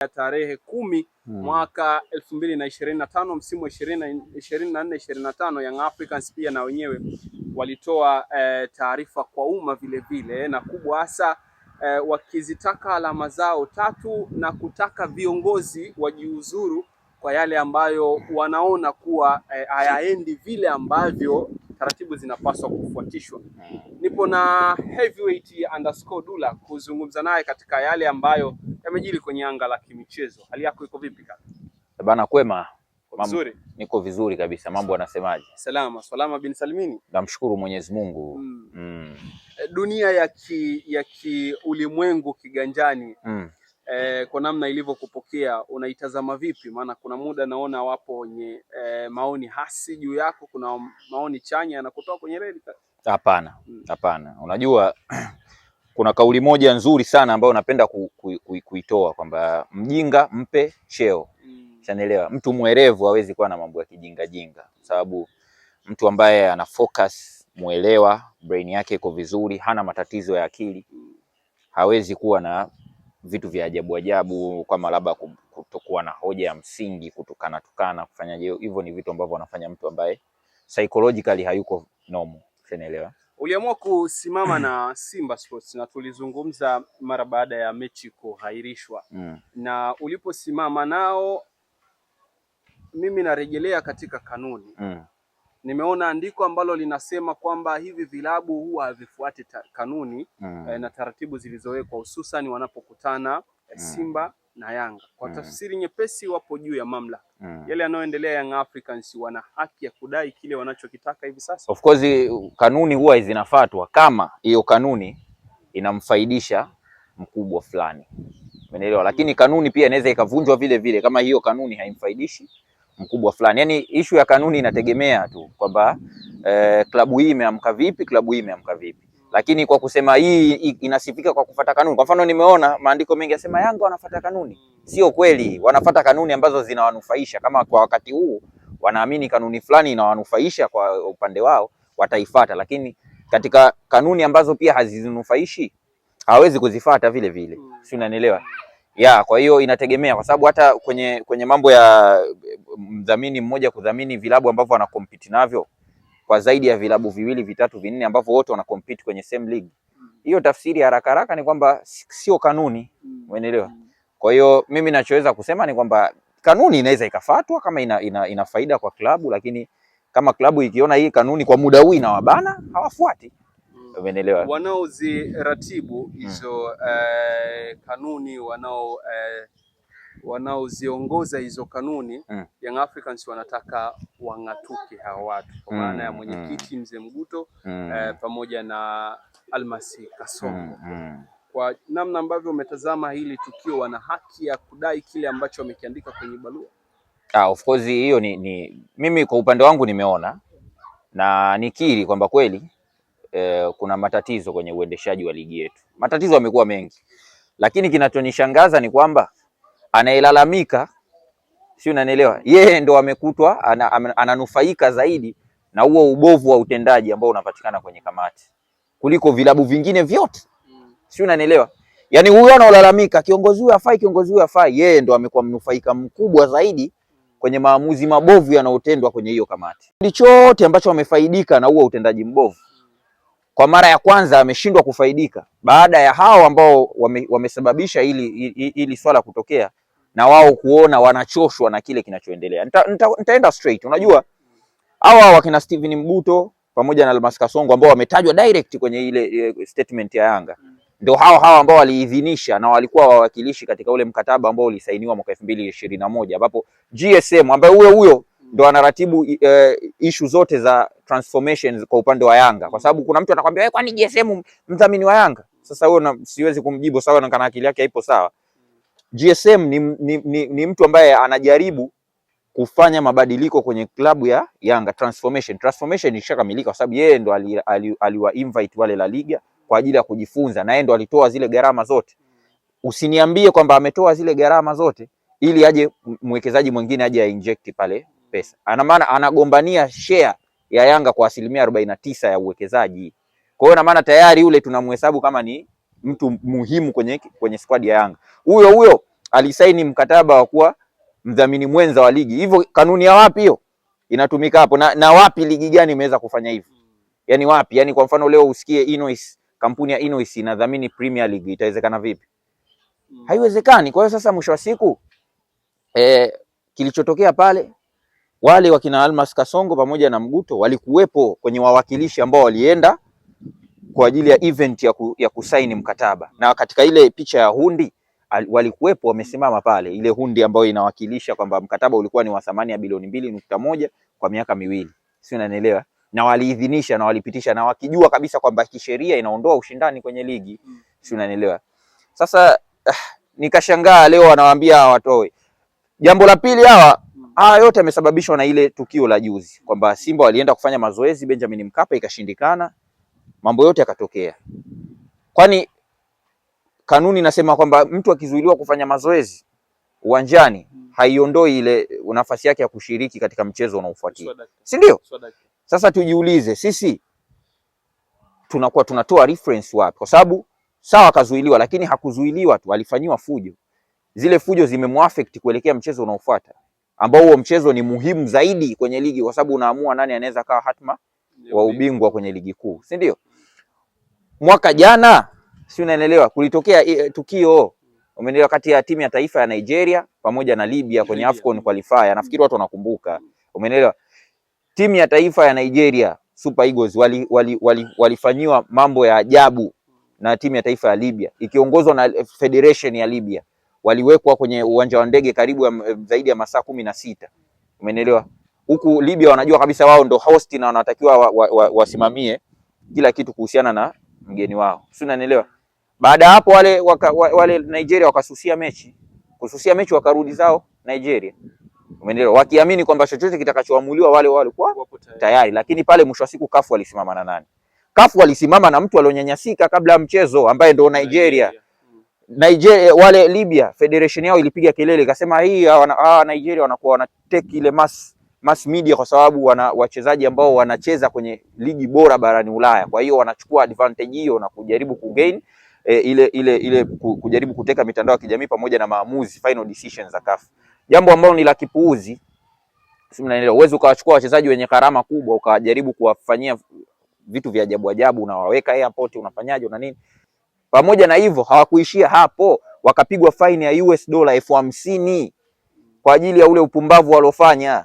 ya tarehe kumi hmm, mwaka elfu mbili na ishirini na tano msimu wa ishirini na nne ishirini na tano Young Africans pia na wenyewe walitoa eh, taarifa kwa umma vilevile na kubwa hasa eh, wakizitaka alama zao tatu na kutaka viongozi wajiuzuru kwa yale ambayo wanaona kuwa eh, hayaendi vile ambavyo taratibu zinapaswa kufuatishwa. Hmm. Nipo na Heavyweight underscore Dula kuzungumza naye katika yale ambayo yamejiri kwenye anga la kimichezo. Hali yako iko vipi kaka? Bana, kwema Vizuri. Niko vizuri kabisa. Mambo wanasemaje? Salama salama bin salimini, namshukuru Mwenyezi Mungu mm. Mm. Dunia ya ki, ya ki ulimwengu kiganjani mm eh, kwa namna ilivyokupokea unaitazama vipi? Maana kuna muda naona wapo wenye eh, maoni hasi juu yako, kuna maoni chanya yanakutoa kwenye reli. Hapana, hapana hmm. Unajua kuna kauli moja nzuri sana ambayo napenda ku, ku, ku, kuitoa kwamba mjinga mpe cheo hmm. Chanelewa, mtu mwerevu hawezi kuwa na mambo ya kijinga jinga, sababu mtu ambaye ana focus, mwelewa, brain yake iko vizuri, hana matatizo ya akili hmm. hawezi kuwa na vitu vya ajabu ajabu, kama labda kutokuwa na hoja ya msingi, kutukana tukana, kufanya Hivyo ni vitu ambavyo wanafanya mtu ambaye psychologically hayuko normal, unaelewa. Uliamua kusimama na Simba Sports na tulizungumza mara baada ya mechi kuhairishwa mm. na uliposimama nao, mimi narejelea katika kanuni mm nimeona andiko ambalo linasema kwamba hivi vilabu huwa havifuati kanuni mm. eh, na taratibu zilizowekwa hususan wanapokutana eh, mm. Simba mm. na Yanga kwa mm. tafsiri nyepesi, wapo juu ya mamlaka mm. yale yanayoendelea. Young Africans wana haki ya kudai kile wanachokitaka hivi sasa. Of course kanuni huwa zinafuatwa kama hiyo kanuni inamfaidisha mkubwa fulani, umeelewa? Lakini mm. kanuni pia inaweza ikavunjwa vile vile kama hiyo kanuni haimfaidishi mkubwa fulani. Yani ishu ya kanuni inategemea tu kwamba eh, klabu hii imeamka vipi, klabu hii imeamka vipi, lakini kwa kusema hii inasifika kwa kufata kanuni. Kwa mfano, nimeona maandiko mengi yasema Yanga wanafuata kanuni. Sio kweli, wanafuata kanuni ambazo zinawanufaisha. Kama kwa wakati huu wanaamini kanuni fulani inawanufaisha kwa upande wao, wataifata, lakini katika kanuni ambazo pia hazinufaishi hawezi kuzifata vile vile, si unanielewa? ya kwa hiyo inategemea, kwa sababu hata kwenye kwenye mambo ya mdhamini mmoja kudhamini vilabu ambavyo ana compete navyo kwa zaidi ya vilabu viwili vitatu vinne ambavyo wote wana compete kwenye same league, hiyo tafsiri haraka haraka ni kwamba sio kanuni, umeelewa? Kwa hiyo mimi nachoweza kusema ni kwamba kanuni inaweza ikafatwa kama ina, ina, ina faida kwa klabu, lakini kama klabu ikiona hii kanuni kwa muda huu inawabana, hawafuati. Umeelewa? Wanaoziratibu hmm. hizo mm. eh, kanuni wanao eh, wanaoziongoza hizo kanuni mm. Young Africans wanataka wang'atuke hawa watu kwa maana mm. ya hmm, mwenyekiti hmm. mzee Mguto mm. eh, pamoja na Almasi Kasongo mm. Kwa namna ambavyo umetazama hili tukio, wana haki ya kudai kile ambacho wamekiandika kwenye barua. Ah, of course hiyo ni, ni mimi kwa upande wangu nimeona na nikiri kwamba kweli eh, kuna matatizo kwenye uendeshaji wa ligi yetu. Matatizo yamekuwa mengi, lakini kinachonishangaza ni kwamba anayelalamika, si unanielewa, yeye ndo amekutwa ana, ananufaika zaidi na huo ubovu wa utendaji ambao unapatikana kwenye kamati kuliko vilabu vingine vyote, si unanielewa? Yaani huyo anaolalamika kiongozi huyo afai, kiongozi huyo afai, yeye ndo amekuwa mnufaika mkubwa zaidi kwenye maamuzi mabovu yanayotendwa kwenye hiyo kamati. Ndicho chote ambacho wamefaidika na huo utendaji mbovu kwa mara ya kwanza ameshindwa kufaidika baada ya hao ambao wame, wamesababisha ili, ili, ili swala kutokea na wao kuona wanachoshwa na kile kinachoendelea. Nita, nita, nitaenda straight. Unajua hao wakina Steven Mbuto pamoja na Almas Kasongo ambao wametajwa direct kwenye ile eh, statement ya Yanga ndio hao hao ambao waliidhinisha na walikuwa wawakilishi katika ule mkataba ambao ulisainiwa mwaka 2021 ambapo GSM ambaye huyo huyo ndo anaratibu uh, ishu zote za transformations kwa upande wa Yanga, kwa sababu kuna mtu atakwambia wewe, eh, kwani GSM mdhamini wa Yanga? Sasa huyo siwezi kumjibu sawa, na kana akili yake haipo sawa. GSM ni, ni, ni, ni mtu ambaye anajaribu kufanya mabadiliko kwenye klabu ya Yanga, transformation transformation ilishakamilika, kwa sababu yeye ndo aliwa ali, ali, ali invite wale La Liga kwa ajili ya kujifunza, na yeye ndo alitoa zile gharama zote. Usiniambie kwamba ametoa zile gharama zote ili aje mwekezaji mwingine aje ainject pale pesa. Ana maana anagombania share ya Yanga kwa asilimia arobaini na tisa ya uwekezaji. Kwa hiyo na maana tayari yule tunamhesabu kama ni mtu muhimu kwenye, kwenye squad ya Yanga. Huyo huyo alisaini mkataba wa kuwa mdhamini mwenza wa ligi. Hivyo kanuni ya wapi hiyo inatumika hapo na, na wapi ligi gani imeweza kufanya hivyo? Yaani wapi? Yaani kwa mfano leo usikie Inois, kampuni ya Inois inadhamini Premier League itawezekana vipi? Mm. Haiwezekani. Kwa hiyo sasa mwisho wa siku eh, kilichotokea pale wale wakina Almas Kasongo pamoja na Mguto walikuwepo kwenye wawakilishi ambao walienda kwa ajili ya event ya, ku, ya kusaini mkataba, na katika ile picha ya hundi walikuwepo wamesimama pale, ile hundi ambayo inawakilisha kwamba mkataba ulikuwa ni wa thamani ya bilioni mbili nukta moja kwa miaka miwili, sio, unanielewa? Na waliidhinisha na walipitisha na wakijua kabisa kwamba kisheria inaondoa ushindani kwenye ligi, sio, unanielewa? Sasa ah, nikashangaa leo wanawaambia hawatoe. Jambo la pili hawa Haya yote yamesababishwa na ile tukio la juzi kwamba Simba walienda kufanya mazoezi Benjamin Mkapa ikashindikana, mambo yote yakatokea. Kwani kanuni nasema kwamba mtu akizuiliwa kufanya mazoezi uwanjani haiondoi ile nafasi yake ya kushiriki katika mchezo unaofuatia, si ndio? Sasa tujiulize sisi tunakuwa tunatoa reference wapi? Kwa sababu sawa, akazuiliwa, lakini hakuzuiliwa tu, alifanyiwa fujo. Zile fujo zimemwaffect kuelekea mchezo unaofuata ambao huo mchezo ni muhimu zaidi kwenye ligi kwa sababu unaamua nani anaweza kawa hatma wa ubingwa kwenye ligi kuu, si ndio? Mwaka jana, si unaelewa, kulitokea e, tukio umeendelea kati ya timu ya taifa ya Nigeria pamoja na Libya kwenye Afcon qualifier. Nafikiri watu wanakumbuka, mm. umeelewa. Timu ya taifa ya Nigeria Super Eagles wali, wali, wali, walifanyiwa mambo ya ajabu na timu ya taifa ya Libya ikiongozwa na eh, Federation ya Libya waliwekwa kwenye uwanja wa ndege karibu ya eh, zaidi ya masaa kumi na sita. Umeelewa? Huku Libya wanajua kabisa wao ndo host na wanatakiwa wasimamie wa, wa, wa kila kitu kuhusiana na mgeni wao, si unanielewa? Baada hapo wale, waka, wale Nigeria wakasusia mechi, kususia mechi wakarudi zao Nigeria, umeelewa? Wakiamini kwamba chochote kitakachoamuliwa wale wale kwa tayari, lakini pale mwisho wa siku kafu walisimama na nani? Kafu walisimama na mtu alionyanyasika kabla ya mchezo ambaye ndo Nigeria. Nigeria, eh, wale Libya federation yao ilipiga kelele ikasema hii ah, wana, ah, Nigeria wanakuwa take ile mass, mass media kwa sababu wana wachezaji ambao wanacheza kwenye ligi bora barani Ulaya. Kwa hiyo wanachukua advantage hiyo na kujaribu kugain e, eh, ile ile ile kujaribu kuteka mitandao ya kijamii pamoja na maamuzi final decisions za CAF, jambo ambalo ni la kipuuzi. Uwezi ukawachukua wachezaji wenye gharama kubwa ukajaribu kuwafanyia vitu vya ajabu ajabu, unawaweka airport, unafanyaje una nini? Pamoja na hivyo hawakuishia hapo, wakapigwa faini ya US dola elfu hamsini kwa ajili ya ule upumbavu waliofanya.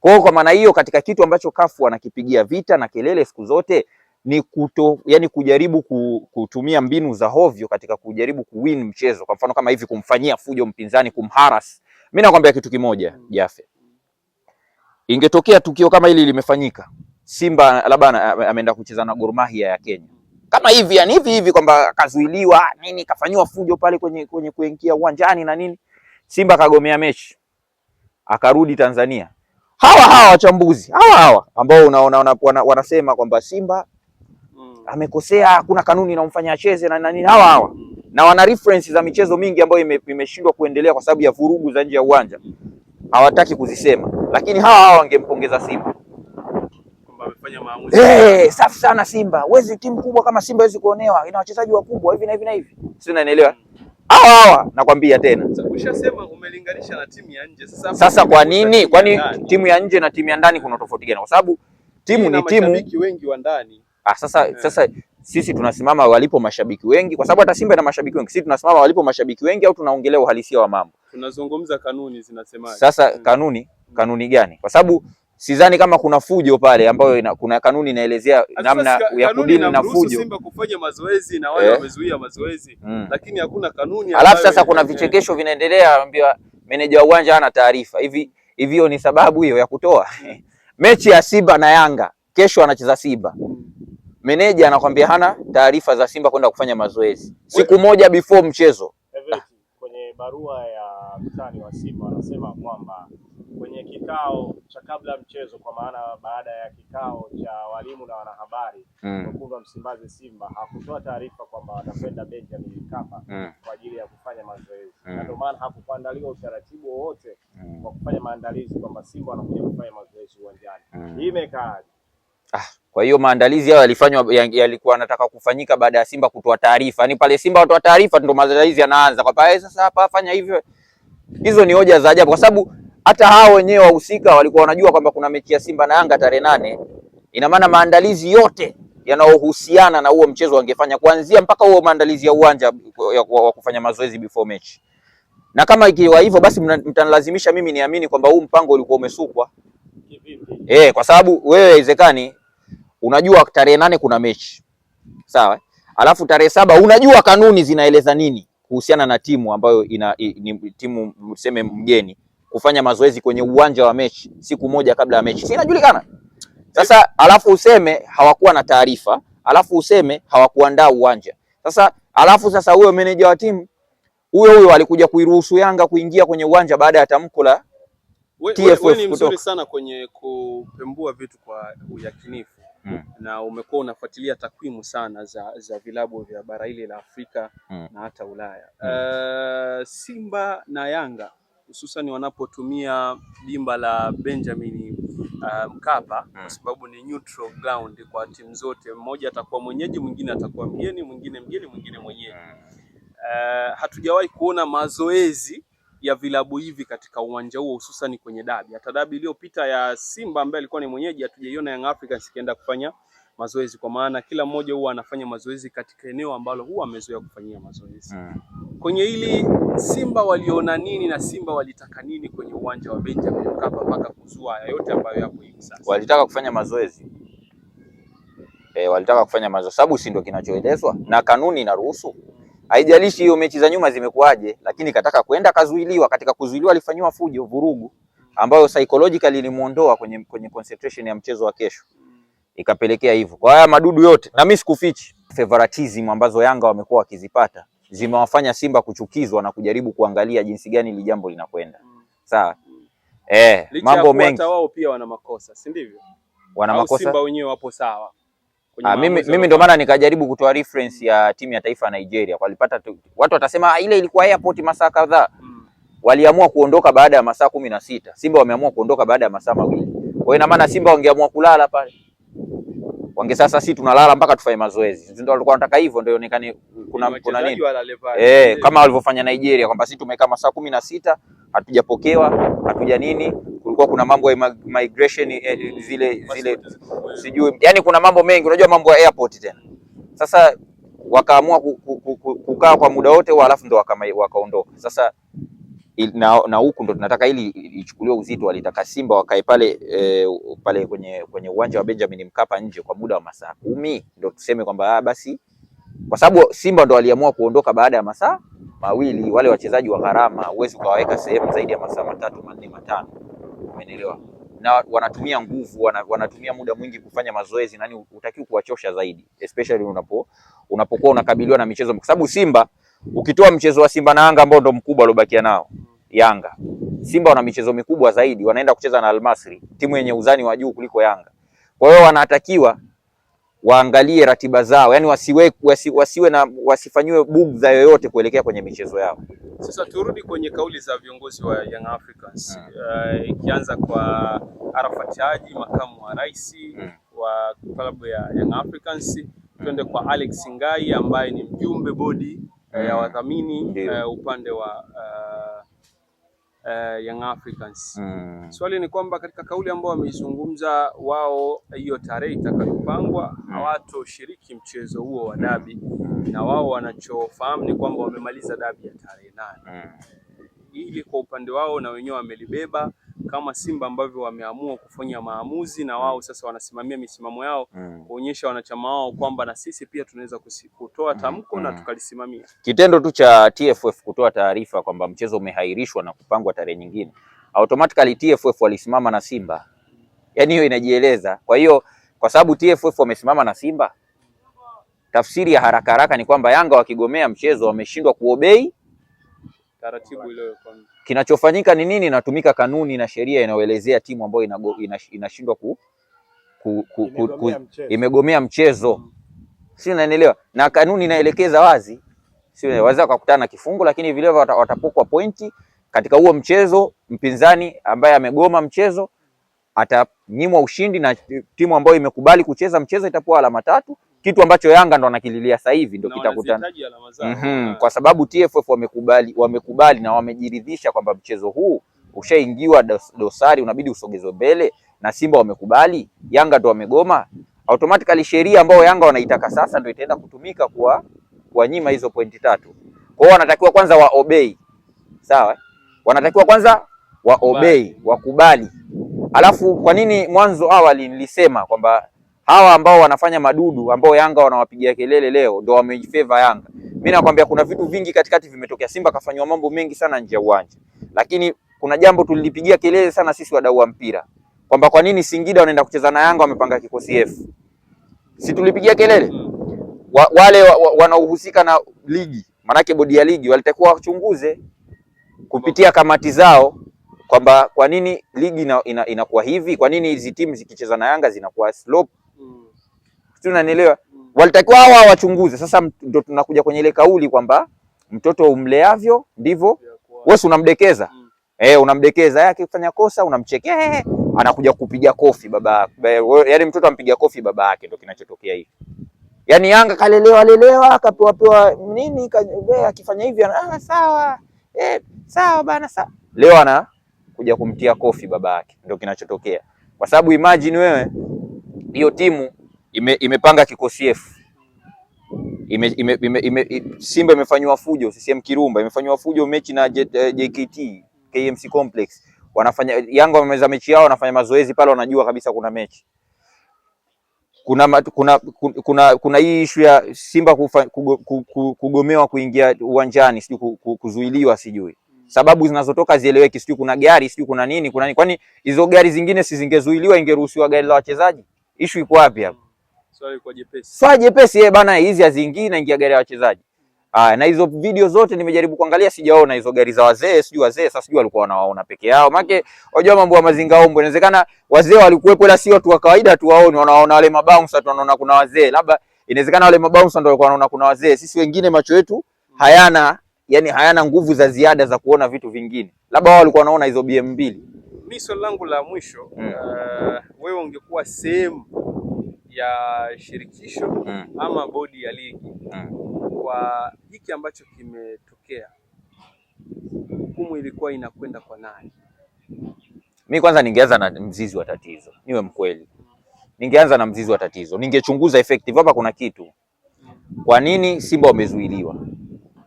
Kwa hiyo kwa maana hiyo, katika kitu ambacho kafu anakipigia vita na kelele siku zote ni kuto, yani kujaribu kutumia mbinu za hovyo katika kujaribu kuwin mchezo. Kwa mfano kama hivi, kumfanyia fujo mpinzani, kumharas. Mimi nakwambia kitu kimoja Jafe, ingetokea tukio kama hili limefanyika Simba labda ameenda kucheza na Gor Mahia ya Kenya kama hivi yani hivi hivi kwamba kazuiliwa nini kafanywa fujo pale kwenye kwenye kuingia uwanjani na nini, Simba kagomea mechi akarudi Tanzania. Hawa hawa wachambuzi hawa hawa ambao unaona una, una, wanasema kwamba Simba mm. amekosea, hakuna kanuni inamfanya acheze na nini, hawa hawa na wana reference za michezo mingi ambayo imeshindwa kuendelea kwa sababu ya vurugu za nje ya uwanja, hawataki kuzisema, lakini hawa hawa wangempongeza Simba wamefanya maamuzi. Eh, safi sana Simba. Wezi timu kubwa kama Simba wezi kuonewa. Ina wachezaji wakubwa hivi na hivi na hivi. Sisi unanielewa? Mm. Hawa hawa nakwambia tena. Ushasema umelinganisha na timu ya nje. Sasa sasa kwa nini? Kwani timu ya nje na timu ya ndani kuna tofauti gani? Kwa sababu timu ni timu. Mashabiki wengi wa ndani. Ah, sasa yeah. Sasa sisi tunasimama walipo mashabiki wengi, kwa sababu hata Simba ina mashabiki wengi. Sisi tunasimama walipo mashabiki wengi, au tunaongelea uhalisia wa mambo? Tunazungumza kanuni zinasemaje? Sasa mm. kanuni, mm. kanuni gani? Kwa sababu sidhani kama kuna fujo pale ambayo ina, kuna kanuni inaelezea namna ya kudini na fujo. Simba kufanya mazoezi na wao eh. wamezuia mazoezi, mm. lakini hakuna kanuni. Alafu sasa kuna vichekesho vinaendelea, anambia meneja wa uwanja hana taarifa. Hivi hivi hiyo ni sababu hiyo ya kutoa mechi ya Simba na Yanga kesho anacheza Simba. Meneja anakwambia hana taarifa za Simba kwenda kufanya mazoezi siku moja before mchezo. Kwenye barua ya mtani wa Simba anasema kwamba kwenye kikao cha kabla ya mchezo, kwa maana baada ya kikao cha walimu na wanahabari mm. wa Msimbazi Simba hakutoa taarifa kwamba watakwenda Benjamin Mkapa mm. kwa ajili ya kufanya mazoezi mm. na ndio maana hakukuandaliwa utaratibu wowote mm. wa kufanya maandalizi kwamba Simba wanakuja kufanya mazoezi uwanjani mm. hii imekaaje? Ah, kwa hiyo maandalizi hayo yalifanywa yalikuwa yanataka kufanyika baada ya Simba kutoa taarifa, yaani pale Simba watoa taarifa ndio maandalizi yanaanza, kwa sababu sasa hapa fanya hivyo. Hizo ni hoja za ajabu kwa sababu hata hao wenyewe wahusika walikuwa wanajua kwamba kuna mechi ya Simba na Yanga tarehe nane. Ina maana maandalizi yote yanayohusiana na huo mchezo wangefanya kuanzia mpaka huo maandalizi ya uwanja wa kufanya mazoezi before mechi, na kama ikiwa hivyo basi mtanilazimisha mimi niamini kwamba huu mpango ulikuwa umesukwa eh, kwa sababu wewe haiwezekani, unajua tarehe nane kuna mechi sawa, alafu tarehe saba unajua kanuni zinaeleza nini kuhusiana na timu ambayo ina, ni timu mseme mgeni kufanya mazoezi kwenye uwanja wa mechi siku moja kabla ya mechi, si inajulikana sasa. Alafu useme hawakuwa na taarifa, alafu useme hawakuandaa uwanja sasa, alafu sasa huyo meneja wa timu huyo huyo alikuja kuiruhusu Yanga kuingia kwenye uwanja baada ya tamko la TFF. Wewe ni mzuri sana kwenye kupembua vitu kwa uyakinifu mm. na umekuwa unafuatilia takwimu sana za, za vilabu vya bara hili la Afrika mm. na hata Ulaya mm. uh, Simba na Yanga hususan wanapotumia dimba la Benjamin uh, Mkapa kwa hmm. sababu ni neutral ground kwa timu zote, mmoja atakuwa mwenyeji, mwingine atakuwa mgeni, mwingine mgeni, mwingine mwenyeji. Hmm. Uh, hatujawahi kuona mazoezi ya vilabu hivi katika uwanja huo hususan kwenye dabi. Hata dabi iliyopita ya Simba ambaye alikuwa ni mwenyeji, hatujaiona Young Africans ikienda kufanya mazoezi, kwa maana kila mmoja huwa anafanya mazoezi katika eneo ambalo huwa amezoea kufanyia mazoezi mm. Kwenye hili Simba waliona nini na Simba walitaka nini kwenye uwanja wa Benjamin Mkapa mpaka kuzua haya yote ambayo yapo hivi sasa? Walitaka kufanya mazoezi e, walitaka kufanya mazoezi sababu si ndio kinachoelezwa na kanuni inaruhusu haijalishi hiyo mechi za nyuma zimekuwaje, lakini kataka kwenda kazuiliwa. Katika kuzuiliwa alifanyiwa fujo, vurugu ambayo psychologically ilimuondoa kwenye, kwenye concentration ya mchezo wa kesho ikapelekea hivyo. Kwa haya madudu yote, na mimi sikufichi, favoritism ambazo Yanga wamekuwa wakizipata zimewafanya Simba kuchukizwa na kujaribu kuangalia jinsi gani ili jambo linakwenda sawa. Mm. Eh, mambo mengi wao pia wana makosa, si ndivyo? Wana makosa Simba wenyewe wapo sawa. Ha, ah, mimi, mimi ndo maana nikajaribu kutoa reference ya timu ya taifa ya Nigeria. Walipata tu, watu watasema ah, ile ilikuwa airport masaa kadhaa, mm. waliamua kuondoka baada ya masaa kumi na sita. Simba wameamua kuondoka baada ya masaa mawili. Kwa hiyo ina maana Simba wangeamua kulala pale. Wange sasa si tunalala mpaka tufanye mazoezi. Ndio walikuwa wanataka hivyo, ndio ionekane kuna kuna nini? Eh, kama walivyofanya Nigeria kwamba si tumekaa masaa kumi na sita hatujapokewa, hatuja nini. Kulikuwa kuna mambo ya migration eh, zile zile sijui. Yaani kuna mambo mengi, unajua mambo ya airport tena. Sasa wakaamua kukaa kwa muda wote, alafu ndo wakaondoka. Sasa na, na huku ndo tunataka ili ichukuliwe uzito. Walitaka Simba wakae pale e, pale kwenye kwenye uwanja wa Benjamin Mkapa nje kwa muda wa masaa kumi, ndo tuseme kwamba ah, basi, kwa sababu Simba ndo waliamua kuondoka baada ya masaa mawili. Wale wachezaji wa gharama huwezi ukawaweka sehemu zaidi ya masaa matatu manne matano, umeelewa? Na wanatumia nguvu wanatumia muda mwingi kufanya mazoezi, nani utakiwa kuwachosha zaidi, especially unapo unapokuwa unakabiliwa na michezo, kwa sababu Simba ukitoa mchezo wa Simba na Yanga ambao ndo mkubwa aliobakia nao Yanga. Simba wana michezo mikubwa zaidi, wanaenda kucheza na Almasri, timu yenye uzani wa juu kuliko Yanga. Kwa hiyo wanatakiwa waangalie ratiba zao, yani wasiwe, wasi, wasiwe na wasifanyiwe bugdha yoyote kuelekea kwenye michezo yao. Sasa turudi kwenye kauli za viongozi wa Young Africans hmm. eh, ikianza uh, kwa Arafat Haji, makamu wa rais hmm, wa klabu ya Young Africans, twende kwa Alex Ngai ambaye ni mjumbe bodi eh, hmm, ya wadhamini uh, upande wa uh, uh, Young Africans mm. Swali ni kwamba katika kauli ambayo wameizungumza wao, hiyo tarehe itakayopangwa mm. hawatoshiriki mchezo huo wa dabi mm. na wao wanachofahamu ni kwamba wamemaliza dabi ya tarehe nane mm. Ili kwa upande wao na wenyewe wamelibeba kama Simba ambavyo wameamua kufanya maamuzi na wao sasa wanasimamia misimamo yao mm. kuonyesha wanachama wao kwamba na sisi pia tunaweza kutoa mm, tamko mm. na tukalisimamia. Kitendo tu cha TFF kutoa taarifa kwamba mchezo umehairishwa na kupangwa tarehe nyingine, automatically TFF walisimama na Simba, yaani hiyo inajieleza. Kwa hiyo kwa sababu TFF wamesimama na Simba, tafsiri ya haraka haraka ni kwamba Yanga wakigomea mchezo wameshindwa kuobei taratibu ile kinachofanyika ni nini? Inatumika kanuni na sheria inayoelezea timu ambayo inashindwa ku, ku, ku, imegomea, ku, mchezo. imegomea mchezo mm. si unaelewa, na kanuni inaelekeza wazi si mm. waweza kukutana kifungo, lakini vile watapokwa pointi katika huo mchezo. Mpinzani ambaye amegoma mchezo atanyimwa ushindi, na timu ambayo imekubali kucheza mchezo itapewa alama tatu kitu ambacho Yanga ndo anakililia sasa hivi ndo kitakutana mm -hmm. kwa sababu TFF wamekubali, wamekubali na wamejiridhisha kwamba mchezo huu ushaingiwa dosari, unabidi usogezwe mbele, na Simba wamekubali, Yanga ndo wamegoma. Automatically sheria ambayo Yanga wanaitaka sasa ndo itaenda kutumika kwa kuwanyima hizo pointi tatu. Kwa hiyo wanatakiwa kwanza waobei, sawa, wanatakiwa kwanza waobei, wakubali. Alafu kwa nini mwanzo awali nilisema kwamba hawa ambao wanafanya madudu ambao Yanga wanawapigia kelele leo ndio wamejifeva Yanga. Mimi nakwambia kuna vitu vingi katikati vimetokea. Simba kafanywa mambo mengi sana nje ya uwanja, lakini kuna jambo tulilipigia kelele sana sisi wadau wa mpira kwamba kwa nini Singida wanaenda kucheza na Yanga wamepanga kikosi F? Si tulipigia kelele wa, wale wa, wa, wanaohusika na ligi, maanake bodi ya ligi walitakiwa wachunguze kupitia kamati zao kwamba kwa nini ligi inakuwa ina, ina hivi, kwa nini hizi timu zikicheza na Yanga zinakuwa slope sio, unanielewa? Walitakiwa hawa wachunguze. Sasa ndio tunakuja kwenye ile kauli kwamba mtoto umleavyo ndivyo wewe unamdekeza. Mm. Eh, unamdekeza yake kufanya kosa unamchekea, eh, anakuja kupiga kofi baba. Yaani mtoto ampiga kofi baba yake ndio kinachotokea hivi. Yaani Yanga kalelewa lelewa akapewa pewa nini akifanya hivi ah, sawa. Eh, sawa bana sawa. Leo ana kuja kumtia kofi baba yake ndio kinachotokea. Kwa sababu imagine wewe hiyo timu ime, imepanga kikosiefu ime, ime, ime, ime, Simba imefanyiwa fujo, CCM Kirumba imefanywa fujo mechi na JKT eh, KMC Complex, wanafanya Yanga wameza mechi yao, wanafanya mazoezi pale, wanajua kabisa kuna mechi kuna kuna kuna kuna hii issue ya Simba kugomewa kuingia uwanjani, sijui kuzuiliwa, sijui sababu zinazotoka zieleweki, sijui kuna gari, sijui kuna nini, kuna nini. Kwani hizo gari zingine si zingezuiliwa, ingeruhusiwa gari la wachezaji? issue iko wapi hapo? swala jepesi yeye eh, bana, hizi haziingii na ingia gari ya wachezaji. Aa, na hizo video zote nimejaribu kuangalia sijaona hizo gari za wazee, sijui wazee sasa, sijui walikuwa wanawaona peke yao. Maana wajua mambo ya mazinga ombo, inawezekana wazee walikuwepo, ila sio tu wa kawaida tu waone, wanaona wale mabouncer tu wanaona kuna wazee, labda inawezekana wale mabouncer ndio walikuwa wanaona kuna wazee. Sisi wengine macho yetu hayana, yani hayana nguvu za ziada za kuona vitu vingine, labda wao walikuwa wanaona hizo BM2. Mimi swali langu la mwisho, mm. uh, wewe ungekuwa sehemu ya shirikisho mm. ama bodi ya ligi mm. kwa hiki ambacho kimetokea, hukumu ilikuwa inakwenda kwa nani? Mi kwanza ningeanza na mzizi wa tatizo, niwe mkweli, ningeanza na mzizi wa tatizo, ningechunguza effective hapa kuna kitu. Kwa nini Simba wamezuiliwa?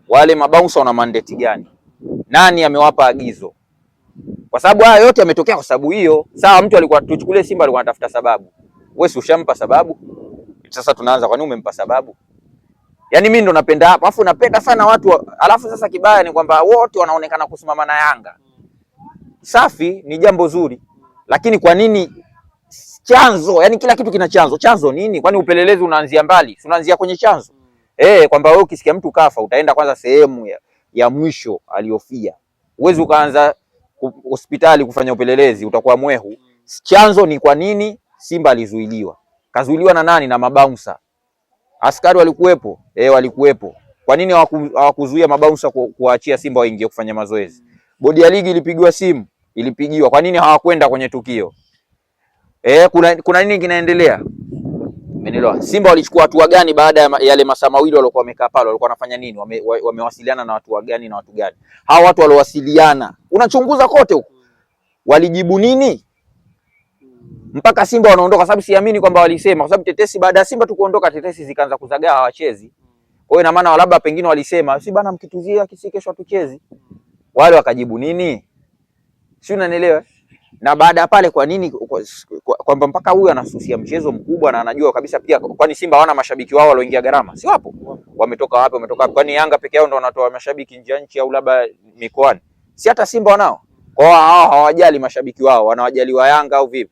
Wale mabaunsa wana mandate gani? Nani amewapa agizo? Kwa sababu haya yote yametokea kwa sababu hiyo. Sawa, mtu alikuwa, tuchukulie Simba alikuwa anatafuta sababu wewe si ushampa sababu? Sasa tunaanza kwa nini umempa sababu? Yaani mimi ndo napenda hapa, alafu napenda sana watu, wa... alafu sasa kibaya ni kwamba wote wanaonekana kusimama na Yanga. Safi, ni jambo zuri, lakini kwa nini chanzo? Yaani kila kitu kina chanzo. Chanzo nini? Kwani upelelezi unaanzia mbali? Unaanzia kwenye chanzo eh, kwamba wewe ukisikia mtu kafa utaenda kwanza sehemu ya, ya mwisho aliofia. Uwezi ukaanza hospitali kufanya upelelezi, utakuwa mwehu. Chanzo ni kwa nini Simba alizuiliwa. Kazuiliwa na nani? Na mabaunsa. Askari walikuwepo? Eh, walikuwepo. Kwa nini hawakuzuia mabaunsa kuwaachia Simba waingie kufanya mazoezi? Bodi ya ligi ilipigiwa simu, ilipigiwa. Kwa nini hawakwenda kwenye tukio? Eh, kuna, kuna nini kinaendelea? Umeelewa? Simba walichukua hatua gani baada ya yale masaa mawili waliokuwa wamekaa pale? Walikuwa wanafanya nini? Wamewasiliana Wame, na watu wa gani na watu gani? Hao watu waliowasiliana, unachunguza kote huko, walijibu nini? mpaka Simba wanaondoka, sababu siamini kwamba walisema, kwa sababu tetesi baada ya Simba tu kuondoka, tetesi zikaanza kuzagaa wachezi. Kwa hiyo ina maana labda pengine walisema, si bana, mkituzia kisi kesho tucheze. Wale wakajibu nini? Si unanielewa? Na baada ya pale, kwa nini kwamba mpaka huyu anasusia mchezo mkubwa na anajua kabisa pia? Kwani Simba hawana mashabiki wao walioingia gharama? Si wapo, wametoka wapi? Wametoka wapi? Kwani Yanga peke yao ndo wanatoa mashabiki nje ya nchi au labda mikoani? Si hata Simba wanao? Kwa hiyo hawajali mashabiki wao, wanawajali wa Yanga au vipi?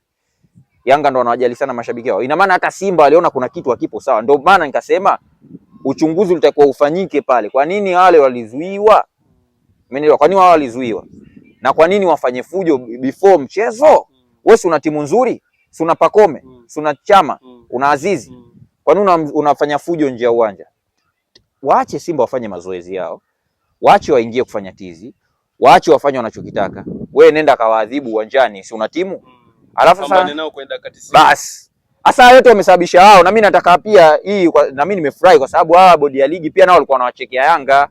Yanga ndo wanawajali sana mashabiki wao. Ina maana hata Simba waliona kuna kitu hakipo sawa, ndio maana nikasema uchunguzi utakuwa ufanyike pale. Kwa nini wale walizuiwa? Mimi Kwa nini wao walizuiwa na kwa nini wafanye fujo before mchezo? Wewe si una timu nzuri, si una Pakome, si una Chama, una Azizi, kwa nini unafanya fujo nje ya uwanja? Waache Simba wafanye mazoezi yao, waache waingie kufanya tizi, waache wafanye wanachokitaka. Wewe nenda kawaadhibu uwanjani, si una timu alafu sasa nao kwenda kati basi hasa yote wamesababisha wao, na mimi nataka pia hii na mimi nimefurahi kwa sababu hawa bodi ya ligi pia nao walikuwa wanawachekea Yanga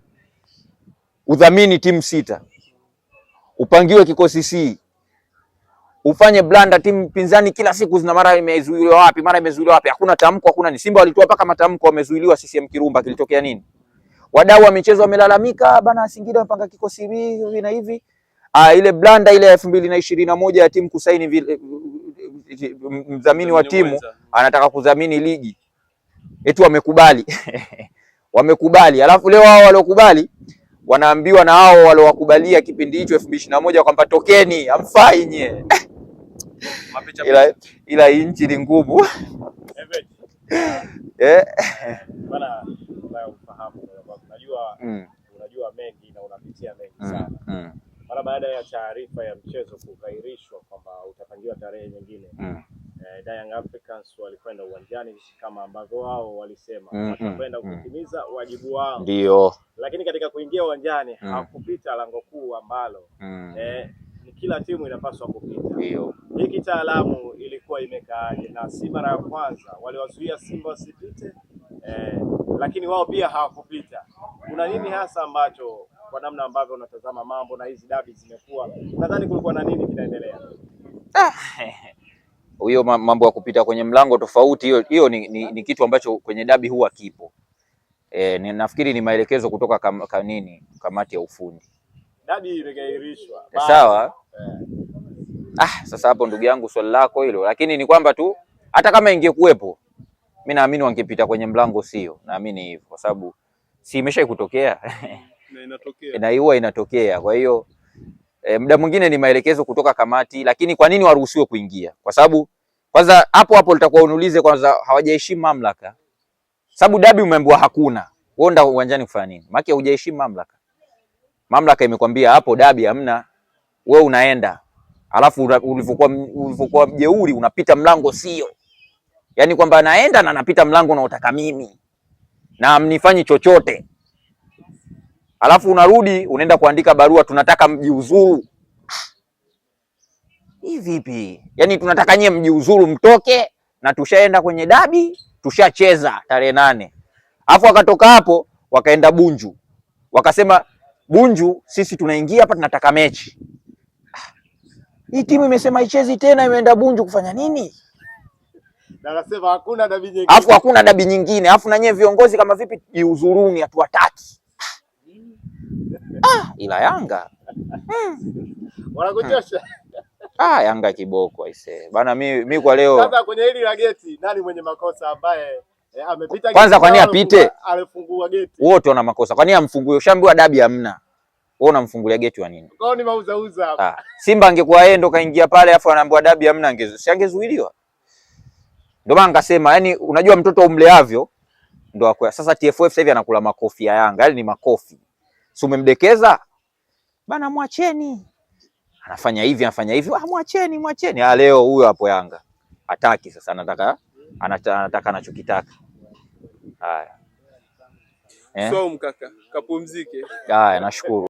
udhamini timu sita, upangiwe kikosi C, ufanye blanda timu pinzani kila siku zina mara imezuiliwa wapi, mara imezuiliwa wapi, hakuna tamko, hakuna ni Simba walitoa paka matamko, wamezuiliwa CCM Kirumba, kilitokea nini? Wadau wa michezo wamelalamika bana, Singida wamepanga kikosi hivi na hivi Aa, ah, ile blanda ile ya elfu mbili na ishirini na moja ya timu kusaini eh, mdhamini wa timu anataka kudhamini ligi eti wamekubali wamekubali, alafu leo hao waliokubali wanaambiwa na hao waliowakubalia kipindi hicho elfu mbili ishirini na moja kwamba tokeni, hamfai nyie ila, ila nchi ni ngumu eh. mm. unajua, mengi na unapitia mengi mm, sana mm mara baada ya taarifa ya mchezo kukairishwa kwamba utapangiwa tarehe nyingine mm. eh, Young Africans walikwenda uwanjani kama ambavyo wao walisema mm -hmm. kutimiza mm. wajibu wao ndio, lakini katika kuingia uwanjani mm. hakupita lango kuu ambalo mm. eh, kila timu inapaswa kupita. Ndio. Hii kitaalamu ilikuwa imekaaje? Na si mara ya kwanza waliwazuia Simba wasipite eh, lakini wao pia hawakupita. Kuna nini hasa ambacho kwa namna ambavyo unatazama mambo na hizi dabi zimekuwa, nadhani kulikuwa na nini kinaendelea? ah, mambo ya kupita kwenye mlango tofauti, hiyo hiyo ni, ni, ni kitu ambacho kwenye dabi huwa kipo. E, ni, nafikiri ni maelekezo kutoka kam, kanini kamati ya ufundi. Dabi imegairishwa. E, sawa. Eh. Ah, sasa hapo ndugu yangu swali lako hilo, lakini ni kwamba tu hata kama ingekuwepo mimi naamini wangepita kwenye mlango, sio? Naamini hivyo kwa sababu si imeshai kutokea inatokea. na huwa inatokea. Kwa hiyo e, muda mwingine ni maelekezo kutoka kamati, lakini kwa nini waruhusiwe kuingia? Kwa sababu kwanza hapo hapo litakuwa uniulize kwanza, hawajaheshimu mamlaka, sababu dabi umeambiwa hakuna, wewe ndio uwanjani kufanya nini? Maana hujaheshimu mamlaka, mamlaka imekwambia hapo dabi hamna, wewe unaenda alafu ulivyokuwa ulivyokuwa mjeuri unapita mlango sio, yaani kwamba naenda na napita mlango unaotaka mimi na mnifanyi chochote alafu unarudi unaenda kuandika barua, tunataka mjiuzuru. Hivi vipi? Yaani tunataka nyie mjiuzuru, mtoke na tushaenda kwenye dabi, tushacheza tarehe nane. Alafu wakatoka hapo wakaenda Bunju, wakasema Bunju sisi tunaingia hapa, tunataka mechi. Ah, hii timu imesema ichezi tena, imeenda Bunju kufanya nini? Alafu hakuna dabi nyingine, alafu na nyie viongozi kama vipi, jiuzuruni, hatuwataki Ah, ila Yanga mm. wanakuchosha. Hmm. Ah, Yanga kiboko aise. Bana mi, mi kwa leo. Sasa kwenye hili la geti nani mwenye makosa ambaye eh, amepita kwanza kwa nini apite? Alifungua geti. Wote wana makosa. Kwa nini amfungue? Ushaambiwa dabi hamna. Wewe unamfungulia geti wa nini? Kwao ni mauza uza hapa. Ah, Simba angekuwa yeye ndo kaingia pale afu anaambiwa dabi hamna angezu. Si angezuiliwa. Ndio maana ngasema, yani unajua mtoto umleavyo ndo akoya. Sasa TFF sasa hivi anakula makofi ya Yanga. Yaani ni makofi si umemdekeza bana, mwacheni. Anafanya hivi anafanya hivi, ah, mwacheni mwacheni. Ah, leo huyo hapo Yanga hataki sasa, anataka anataka anachokitaka. Haya, eh? so mkaka kapumzike. Haya, nashukuru.